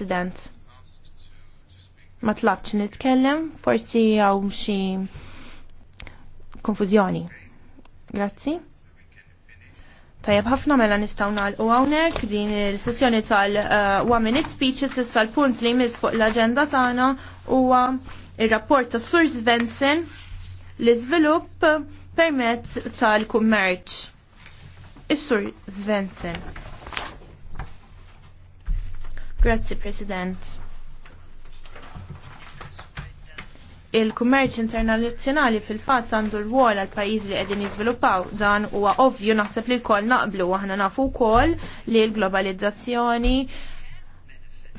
student Ma tlabx nitkellem, forsi għaw xi konfuzjoni. Grazzi. Tajab ħafna mela nistaw nagħlqu hawnhekk din il-sessjoni tal women uh, minute speeches issa l-punt li jmiss fuq l-aġenda tagħna huwa ir-rapport ta' Sur Svensson l-iżvilupp permezz tal-kummerċ. Is-Sur Svensson. Grazzi, President. Il-kummerċ internazzjonali fil-fatt għandu rwol għal pajjiżi li qegħdin jiżviluppaw dan huwa ovvju naħseb li l naqblu aħna nafu wkoll li l-globalizzazzjoni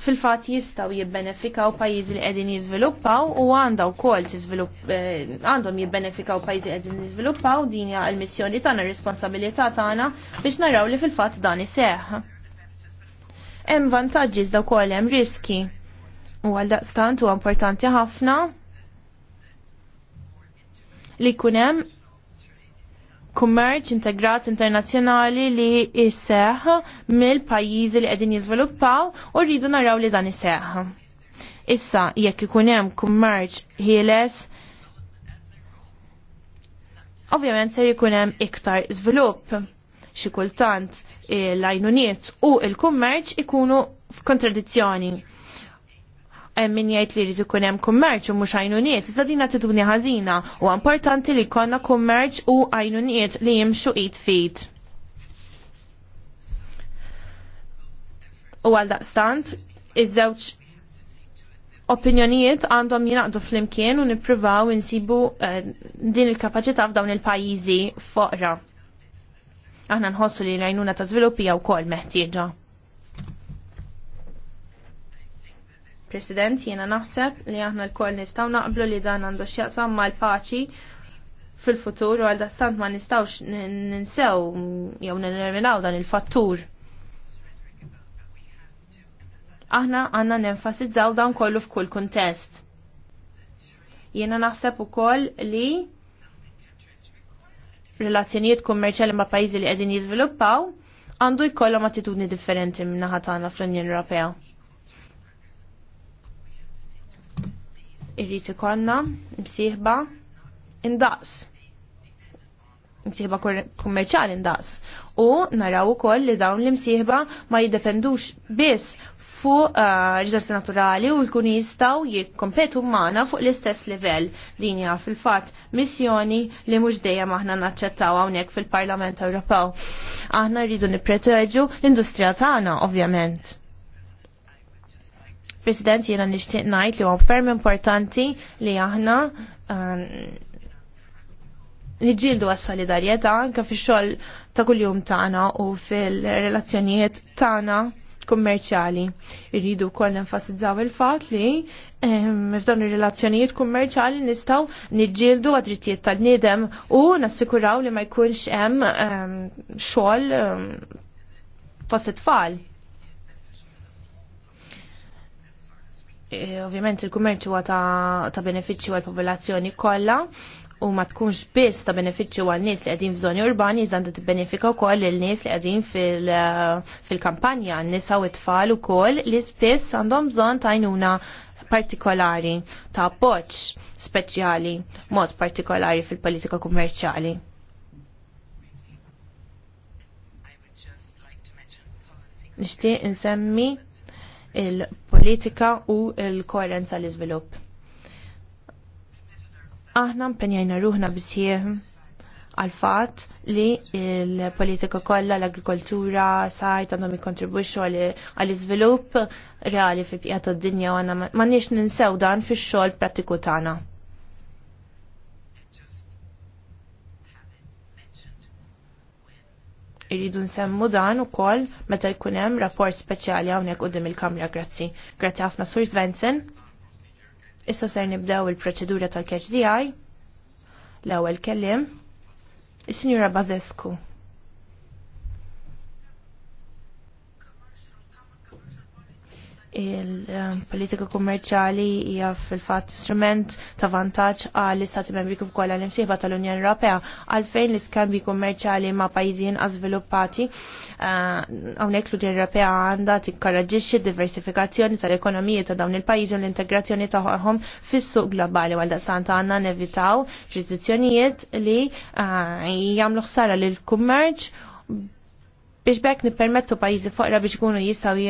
fil-fat jistaw jibbenefikaw pajjiżi li għedin jizviluppaw u għandaw kol eh, għandhom jibbenefikaw pajjiżi li għedin jizviluppaw dinja l missjoni tana, responsabilità tana biex naraw li fil-fat dan iseħ. Hemm vantaġġi iżda wkoll hemm riski. U għal daqstant huwa importanti ħafna li jkun hemm kummerċ integrat internazzjonali li jisseħ mill-pajjiżi li qegħdin jiżviluppaw u rridu naraw li dan isseħ. Issa jekk ikun hemm kummerċ ħieles ovvjament ser ikun hemm iktar żvilupp xi kultant l ajnuniet u il-kummerċ ikunu f'kontradizzjoni min jgħid li jrid ikun hemm kummerċ u mhux għajnuniet, iżda din tuni ħażina u importanti li jkollna kummerċ u ajnuniet li jimxu id fit. U għal daqstant, iż-żewġ opinjonijiet għandhom jinaqdu fl-imkien u nippruvaw insibu eh, din il-kapaċità f'dawn il-pajjiżi foqra aħna nħossu li l-għajnuna ta' żviluppija wkoll meħtieġa. President, jiena naħseb li aħna l kol nistaw naqblu li dan għandu x'jaqsam mal-paċi fil-futur u għal-dastant ma nistawx ninsew jew nirminaw dan il-fattur. Aħna għanna nenfasizzaw dan kollu f'kull kuntest. Jiena naħseb ukoll li relazzjonijiet kummerċali ma' pajjiżi li qegħdin jiżviluppaw għandu jkollhom attitudni differenti minn naħa tagħna fl-Unjoni Ewropea. Irrid ikollna msieħba indaqs msieħba kummerċali ndaqs. U naraw ukoll li dawn l-imsieħba ma jiddependux biss fuq uh, riżorsi naturali u l-kun jistgħu jikkompetu magħna fuq l-istess livell. Din hija fil-fatt missjoni li mhux dejjem aħna naċċettaw hawnhekk fil-Parlament Ewropew. Aħna rridu nipreteġu l-industrija tagħna, ovvjament. President, jiena nixtieq ngħid li huwa ferm importanti li aħna um, niġġieldu għas-solidarjetà anke fix-xogħol ta' kuljum tagħna u fil-relazzjonijiet tagħna kummerċjali. Irridu wkoll nenfasizzaw il-fatt li ehm, f'dawn ir-relazzjonijiet kummerċali nistgħu niġġieldu għad-drittijiet tal u nassikuraw li ma jkunx hemm ehm, xogħol ehm, ta' tfal. E, ovvjament il kummerċu huwa ta' benefiċċju għall popolazzjoni kollha u ma tkunx biss ta' benefiċċju għal nies li qegħdin f'żoni urbani iżda għandha tibbenefika wkoll lil nies li qegħdin eh, fil-kampanja fil nisa u tfal ukoll li spiss għandhom bżonn ta' għajnuna partikolari ta' appoġġ speċjali mod partikolari fil-politika kummerċjali. Nixtieq insemmi il-politika u l-koerenza l-iżvilupp. Aħna mpenjajna ruħna bisieħ għal-fat li il-politika kollha l-agrikoltura sajt għandhom jikontribwixxu għall-iżvilupp reali fi pjata tad-dinja u għandna m'għandniex ninsew dan fix-xogħol prattiku tagħna. Irridu nsemmu dan ukoll meta jkun hemm rapport speċjali hawnhekk quddiem il-Kamra, grazzi. Grazzi ħafna Sur Svensen. Issa ser nibdew il-proċedura tal kdi l-ewwel kellim, is-Sinjura Bazescu. il-politika kummerċali hija fil-fatt strument ta' vantaġġ għall istati membri kif ukoll għall imsieħba tal-Unjoni Ewropea għalfejn l iskambi kummerċali ma' pajjiżi inqas svilupati eh, hawnhekk l-Unjoni Ewropea għandha tikkoraġġixxi diversifikazzjoni tal-ekonomiji ta' dawn il-pajjiżi u l-integrazzjoni tagħhom fis-suq globali għal sant għandna nevitaw ġurisdizzjonijiet li eh, jagħmlu ħsara lill kummerċ biex bekk nippermettu pajjiżi foqra biex kunu jistgħu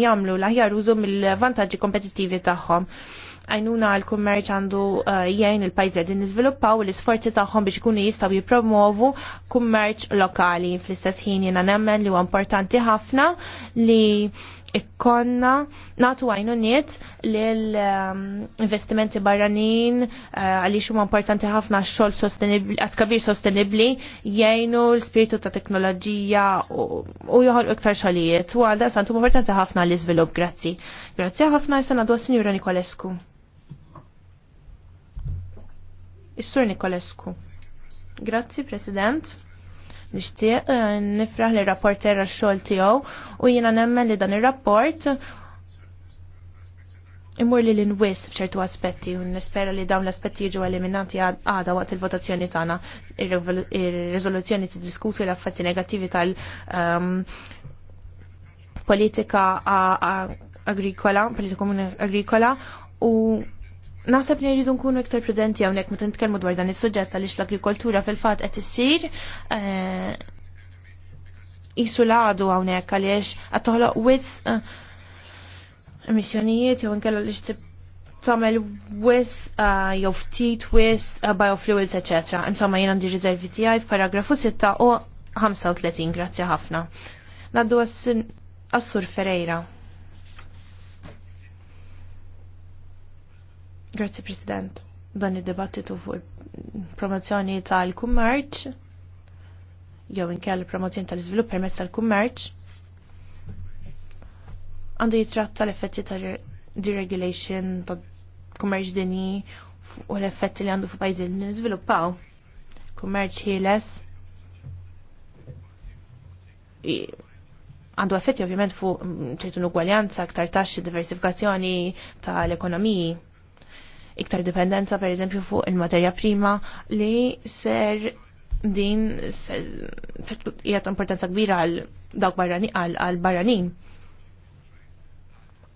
jagħmlu l-aħjar użu mill-vantaġġi kompetittivi tagħhom għajnuna għal kummerċ għandu uh, jgħin il-pajzi għedin nizviluppaw l-isforzi taħħom biex kunu jistaw jipromovu kummerċ lokali. Fl-istess ħin jena nemmen li huwa importanti ħafna li ikkonna natu għajnu niet l-investimenti um, barranin uh, għalli huma importanti ħafna xol sostenibli, għatkabir sostenibli jgħinu l-spiritu ta' teknoloġija u joħol iktar xalijiet u għalda santu importanti ħafna l-izvilup, grazzi. Grazzi ħafna jisana għadu Signora Nikolesku. Is-Sur Nikolesku. Grazzi, President. Nixtieq eh, nifraħ li rapport għax-xogħol tiegħu u jiena nemmen li dan ir-rapport imur li l-inwis fċertu aspetti u nispera li dawn l-aspetti jiġu eliminati għada waqt il-votazzjoni tagħna ir-riżoluzzjoni diskutu l-affetti negattivi tal ehm, politika agrikola, politika komuni agrikola u Naħseb li jridu nkunu iktar prudenti hawnhekk meta nitkellmu dwar dan is-suġġett għaliex l-agrikoltura fil-fatt qed issir qisu eh, l-għadu hawnhekk għaliex qed toħloq with eh, emissjonijiet jew inkella li tagħmel wis eh, jew ftit wis biofluids etc. Insomma jien għandi riservi tiegħi f'paragrafu 6 u 35 grazzi ħafna. Naddu għas-Sur Ferreira. Grazzi President. Dan id-dibattitu fuq il-promozzjoni tal-kummerċ jew inkella promozzjoni tal-iżvilupp permezz tal-kummerċ għandu jitratta l-effetti tal deregulation ta' kummerċ dinji u l-effetti li għandu fuq pajjiżi li niżviluppaw. Kummerċ ħieles għandu effetti ovvjament fuq ċertu l-ugwaljanza, aktar taxxi, diversifikazzjoni tal-ekonomiji iktar dipendenza per eżempju fuq il-materja prima li ser din hija ta' importanza kbira għal dawk barranin għal barranin.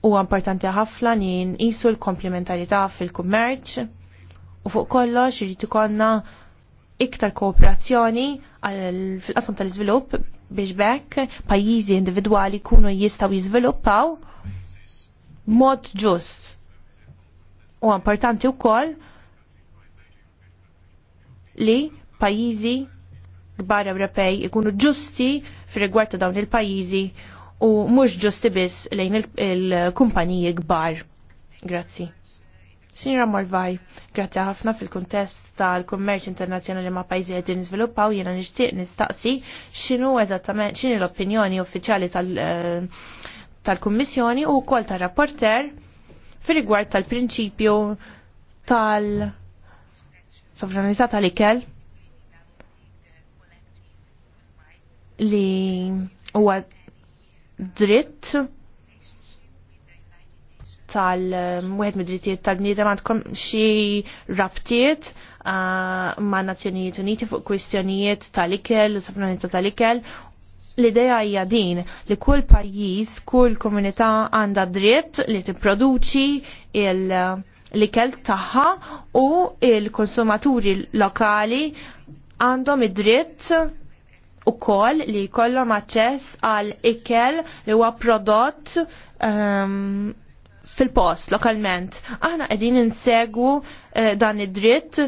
Huwa importanti ħafna li nqisu l-komplementarità fil-kummerċ u fuq kollox irid ikollna iktar kooperazzjoni fil-qasam tal-iżvilupp biex bekk pajjiżi individwali kunu jistaw jiżviluppaw mod ġust U importanti wkoll li pajjiżi kbar Ewropej ikunu ġusti fil rigward ta' dawn il-pajjiżi u mhux ġusti biss lejn il-kumpaniji kbar. Grazzi. Signora Morvaj, grazzi ħafna fil-kuntest tal-kummerċ internazzjonali ma' pajjiżi għedin niżviluppaw jiena nixtieq nistaqsi x'inhu eżattament x'inhi l-opinjoni uffiċjali tal- eh, tal-Kummissjoni u wkoll tar-rapporter fil rigward tal-prinċipju tal-sovranità tal-ikel li huwa dritt tal-mwiet mid-drittijiet tal-bniedem għandkom xi rabtiet uh, ma' Nazzjonijiet Uniti fuq kwistjonijiet tal-ikel, sovranità tal-ikel l-idea hija din li kull pajjiż, kull komunità għandha dritt li tipproduċi uh, l-ikel tagħha u il-konsumaturi lokali għandhom id-dritt u koll li kollom aċċess għal ikel li huwa prodott um, fil-post lokalment. Aħna qegħdin insegwu uh, dan id-dritt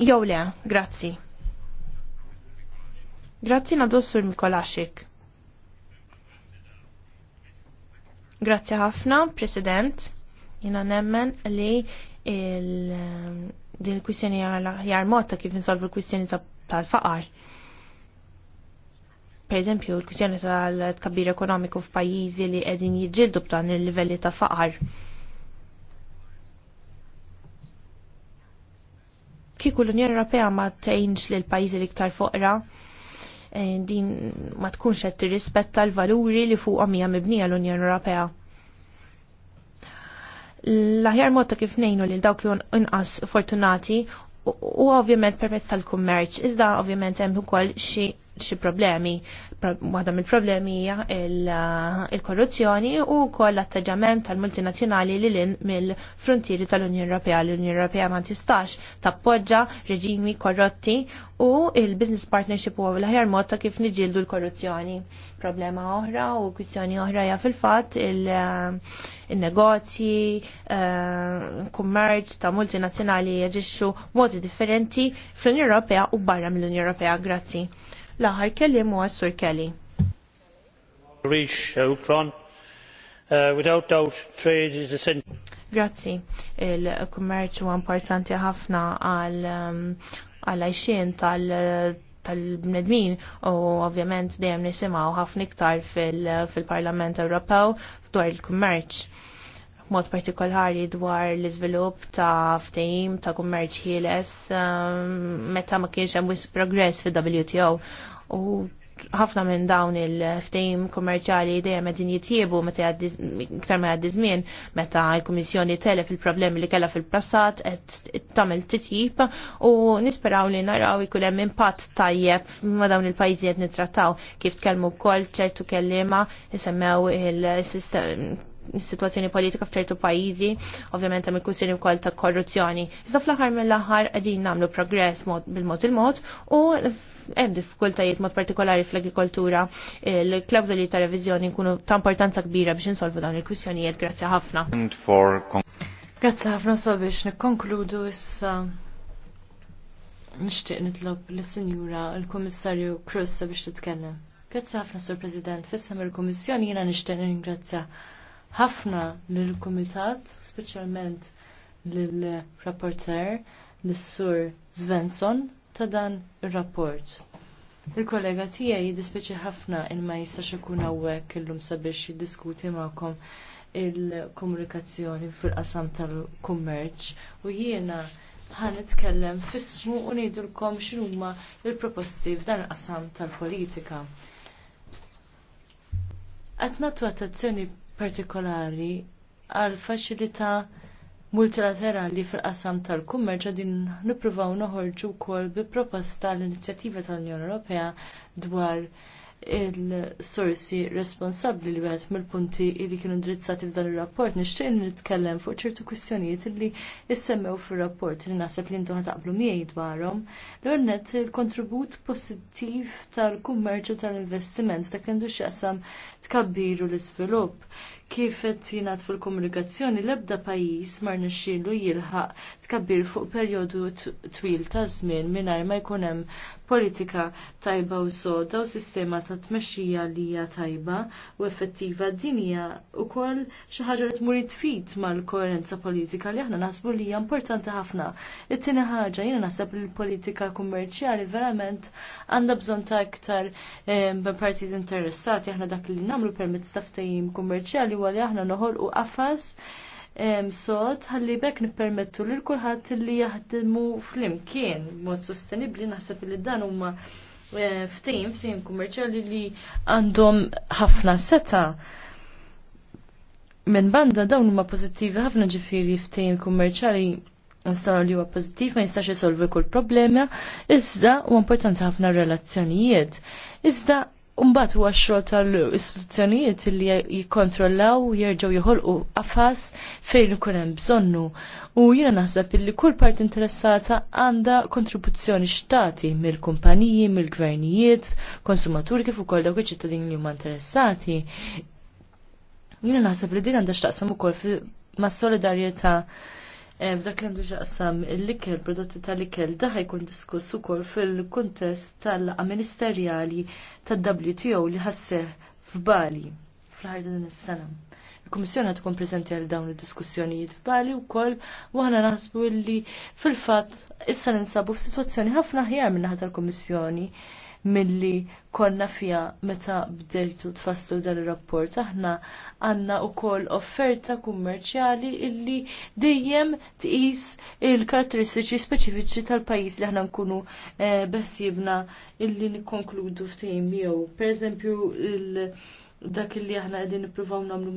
jew le, grazzi. Grazzi nadu sur Mikolaxik. Grazzi ħafna, President. Jina nemmen li il um, din il-kwistjoni jar motta kif insolvu l-kwistjoni tal-faqar. Per eżempju, l-kwistjoni tal-tkabbir ekonomiku f'pajjiżi li qegħdin jiġġieldu b'dan il-livelli ta' faqar. Kieku l-Unjoni Ewropea ma tgħinx lil pajjiżi li iktar foqra, Eh, din ma tkunx qed tirrispetta l-valuri li fuqhom hija mibnija l-Unjoni Ewropea. L-aħjar mod ta' kif ngħinu lil dawk li inqas fortunati u ovvjament permezz tal-kummerċ, iżda ovvjament hemm ukoll xi xi problemi. Waħda mill-problemi hija il-korruzzjoni u wkoll l atteġġament tal-multinazzjonali li lin mill-frontieri tal-Unjoni Ewropea. L-Unjoni Ewropea ma tistax tappoġġa reġimi korrotti u il-business partnership huwa l-aħjar mod ta' kif niġildu l-korruzzjoni. Problema oħra u kwistjoni oħra hija fil-fatt il-negozji, eh, kummerċ ta' multinazzjonali jaġixxu modi differenti fl-Unjoni Ewropea u barra mill-Unjoni Ewropea. Grazzi. L-aħħar kelliem huwa Sur Kelly. Uh, Grazzi. Il-kummerċ huwa importanti ħafna għal um, għal tal tal-bnedmin u ovvjament dejjem nisimgħu ħafna iktar fil-Parlament Ewropew dwar il-kummerċ mod partikolari dwar l-iżvilupp ta' ftehim ta' kummerċ ħieles um, meta ma kienx hemm wisq progress fil-WTO u ħafna minn dawn il-ftehim kummerċali dejjem qegħdin jitjiebu meta iktar ma jgħaddi żmien meta l-Kummissjoni telef il-problemi li kellha fil-passat qed tagħmel titjib u nisperaw li naraw ikun hemm impatt tajjeb ma' dawn il-pajjiżi qed nittrattaw kif tkellmu wkoll ċertu kelliema isemmew il-sistema situazzjoni politika f'ċertu pajjiżi, ovvjament hemm il-kwistjoni wkoll ta' korruzzjoni. Iżda fl-aħħar mill-aħħar qegħdin nagħmlu progress bil-mod il-mod u hemm diffikultajiet mod partikolari fl-agrikoltura. l klawżoli ta' reviżjoni nkunu ta' importanza kbira biex insolvu dawn il-kwistjonijiet. Grazzi ħafna. Grazzi ħafna so biex nikkonkludu issa nixtieq nitlob lis-Sinjura l-Kummissarju Cruz biex titkellem. Grazzi ħafna, Sur President. fissem il-Kummissjoni jiena nixtieq ningrazzja ħafna lill-Kumitat, speċjalment lill-rapporter, l-Sur Svensson, ta' dan ir-rapport. Il-kollega tiegħi jiddispjaċi ħafna il ma jistax ikun hawnhekk illum sabiex jiddiskuti ma'kom il-komunikazzjoni fil-qasam tal-kummerċ u jiena ħan nitkellem fissmu u ngħidulkom x'inhuma l-proposti f'dan il-qasam tal-politika. Qed nagħtu attenzjoni partikolari għal faċilità multilaterali fil-qasam tal-kummerċ din nippruvaw noħorġu wkoll bi proposta l-inizjattiva tal-Unjoni Ewropea dwar il-sorsi responsabbli li għed mill-punti li kienu ndrizzati f'dan ir rapport nixtieq nitkellem fuq ċertu kwistjonijiet li jissemmew fir rapport li naħseb li intu għablu miegħi dwarhom. L-ornet il-kontribut pozittiv tal-kummerċu tal-investiment f'dak li għandu x'jaqsam tkabbiru l-iżvilupp kif qed jingħad fil-komunikazzjoni l-ebda pajjiż mar nixxielu jilħaq tkabbir fuq perjodu twil ta' żmien mingħajr ma jkun hemm politika tajba u soda u sistema ta' tmexxija li hija tajba u effettiva din hija wkoll xi ħaġa li tmur tfid mal-koerenza politika li aħna naħsbu li hija importanti ħafna. It-tieni ħaġa jiena naħseb li l-politika kummerċjali verament għandha bżonn ta' iktar eh, partijiet interessati aħna dak li nagħmlu permezz ta' ftehim kummerċjali li huwa li noħol noħolqu qafas sod ħalli bekk nippermettu lil kulħadd li jaħdmu flimkien b'mod sostenibbli naħseb li dan huma ftejn eh, ftejn kummerċjali li għandhom ħafna seta' minn banda dawn huma pożittivi ħafna ġifieri ftejn kummerċjali nistaw li huwa pożittiv ma jistax isolvi kull problema, iżda u importanti ħafna relazzjonijiet. Iżda Umbat huwa x-xogħol tal-istituzzjonijiet li jikkontrollaw jerġgħu jħolqu qafas fejn ikun hemm bżonnu. U jiena naħseb li kull part interessata għandha kontribuzzjoni xtati mill-kumpaniji, mill-gvernijiet, konsumaturi kif ukoll dawk iċ-ċittadini li huma interessati. Jiena naħseb li din għandha x'taqsam ukoll ma' solidarjetà Eh, f'dak li għandu xaqsam l-ikel, prodotti tal-ikel, da ħajkun diskuss ukoll fil-kuntest tal-laqa ministerjali tad-WTO li ħasseħ f'Bali fl ħarġa din is-sena. Il-Kummissjoni għad tkun preżenti għal dawn id-diskussjonijiet f'Bali wkoll u aħna naħsbu li fil-fatt issa ninsabu f'sitwazzjoni ħafna ħjar minnaħa tal-Kummissjoni. kummissjoni milli konna fija meta bdejtu tfasslu dan ir-rapport. Aħna għandna wkoll offerta kummerċjali illi dejjem tqis il-karatteristiċi speċifiċi tal-pajjiż li aħna nkunu eh, beħsiebna illi nikkonkludu f'tejn miegħu. Pereżempju il- dak li aħna qegħdin nippruvaw nagħmlu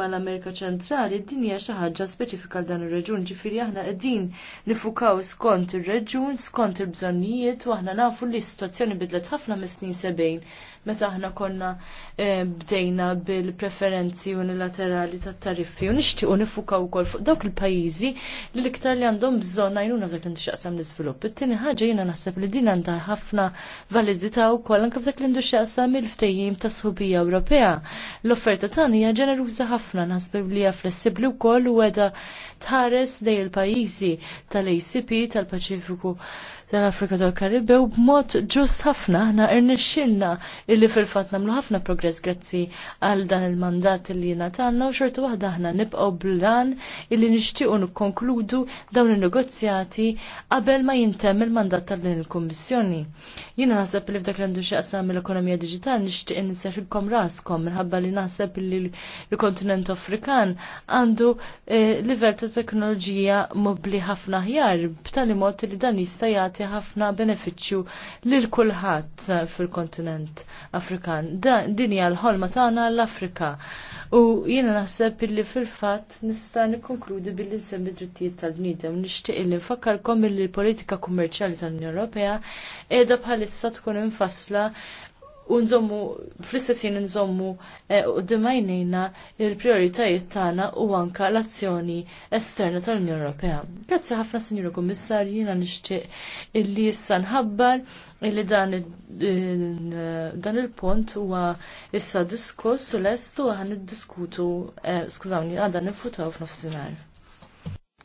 mal-Amerika Ċentrali, din hija xi ħaġa speċifika dan ir-reġun, ġifieri aħna qegħdin nifukaw skont ir-reġun, skont il-bżonnijiet u aħna nafu li s-sitwazzjoni bidlet ħafna mis-snin sebgħin meta aħna konna e, bdejna bil-preferenzi unilaterali tat tariffi u nixtiequ nifukaw ukoll fuq dawk il-pajjiżi li l-iktar li għandhom bżonn għajnuna f'dak li xaqsam l-iżvilupp. It-tieni ħaġa jiena naħseb li din għandha ħafna validità wkoll anke f'dak li għandu xaqsam il-ftehim ta' sħubija Ewropea. L-offerta tagħna hija ġeneruża ħafna naħseb li hija flessibbli wkoll u għedha tħares dej il-pajjiżi tal-ACP tal-Paċifiku tal-Afrika tal-Karibew b'mod ġust ħafna aħna irnexxilna illi fil-fatt nagħmlu ħafna progress grazzi għal dan il-mandat li jingħatalna u xorta waħda aħna nibqgħu dan illi nixtiequ nikkonkludu dawn in-negozjati qabel ma jintemm il-mandat tal-din il-Kummissjoni. Jiena naħseb li f'dak li għandu x'aqsam mill-ekonomija diġitali nixtieq inserħilkom raskom minħabba li naħseb li l-kontinent Afrikan għandu eh, livell ta' teknoloġija mobbli ħafna ħjar b'tali mod li dan jista' jagħti jagħti ħafna benefiċċju lil kulħadd fil-kontinent Afrikan. Din hija l-ħolma tagħna l-Afrika. U jiena naħseb illi fil-fatt nista' nikkonkludi billi nsemmi drittijiet tal-bniedem nixtieq illi nfakkarkom illi l-politika kummerċjali tal-Unjoni Ewropea qiegħda bħalissa tkun infassla u nżommu fl-istessin nżommu eh, u d-dimajnina il-prioritajiet tagħna u anka l-azzjoni esterna tal-Unjoni Ewropea. Grazie ħafna Signor Kommissar, jiena nixtieq illi issa nħabbar illi dan eh, il-punt huwa issa diskuss u l-estu għan id-diskutu, eh, skużawni, għadan il-futaw f'nofsinhar.